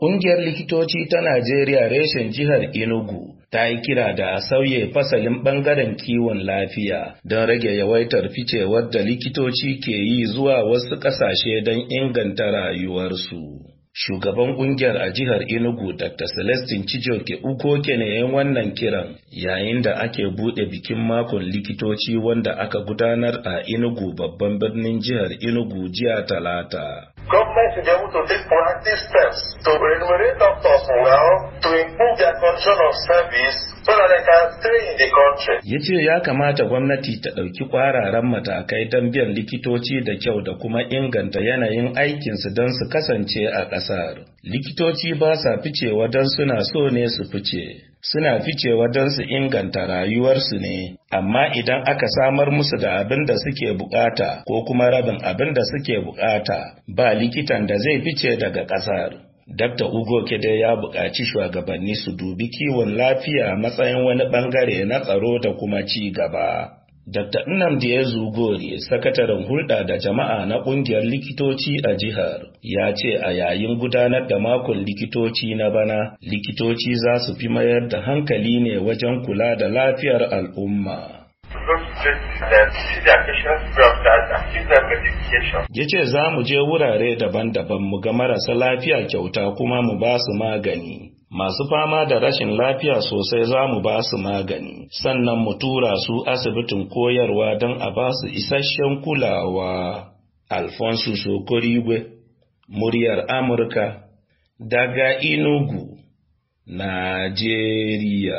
Ƙungiyar likitoci ta Najeriya reshen jihar Enugu ta yi kira da sauye fasalin ɓangaren kiwon lafiya don rage yawaitar ficewar da likitoci ke yi zuwa wasu ƙasashe don inganta rayuwarsu. Shugaban ƙungiyar a jihar Enugu Dr. Celestin Cijoke Ukoke ne yan wannan kiran yayin da ake buɗe bikin makon likitoci wanda aka gudanar a Enugu babban birnin jihar Enugu jiya talata. Government should be able to take proactive steps to remunerate doctors well, to improve their condition of service, Ya ce ya kamata gwamnati ta ɗauki kwararan matakai don biyan likitoci da kyau da kuma inganta yanayin aikinsu don su kasance a ƙasar. Likitoci ba sa ficewa don suna so ne su fice. Suna ficewa don su inganta rayuwarsu ne, amma idan aka samar musu da abin da suke bukata ko kuma rabin abin da suke bukata, ba likitan da zai fice daga ƙasar. Dr. Ugo Kede ya buƙaci shugabanni su dubi kiwon lafiya a matsayin wani ɓangare na tsaro da kuma ci gaba. Dr. Nnamdi Ezugori, sakataren hulɗa da jama'a na ƙungiyar likitoci a jihar, ya ce a yayin gudanar da makon likitoci na bana, likitoci za su fi mayar da hankali ne wajen kula da lafiyar al'umma. Ya ce za mu je wurare daban-daban mu ga marasa lafiya kyauta kuma mu ba su magani. Masu fama da rashin lafiya sosai za mu ba su magani, sannan mu tura su asibitin koyarwa don a ba su isasshen kulawa. Alfonso Sokorigwe, muryar Amurka, daga Inugu, Najeriya.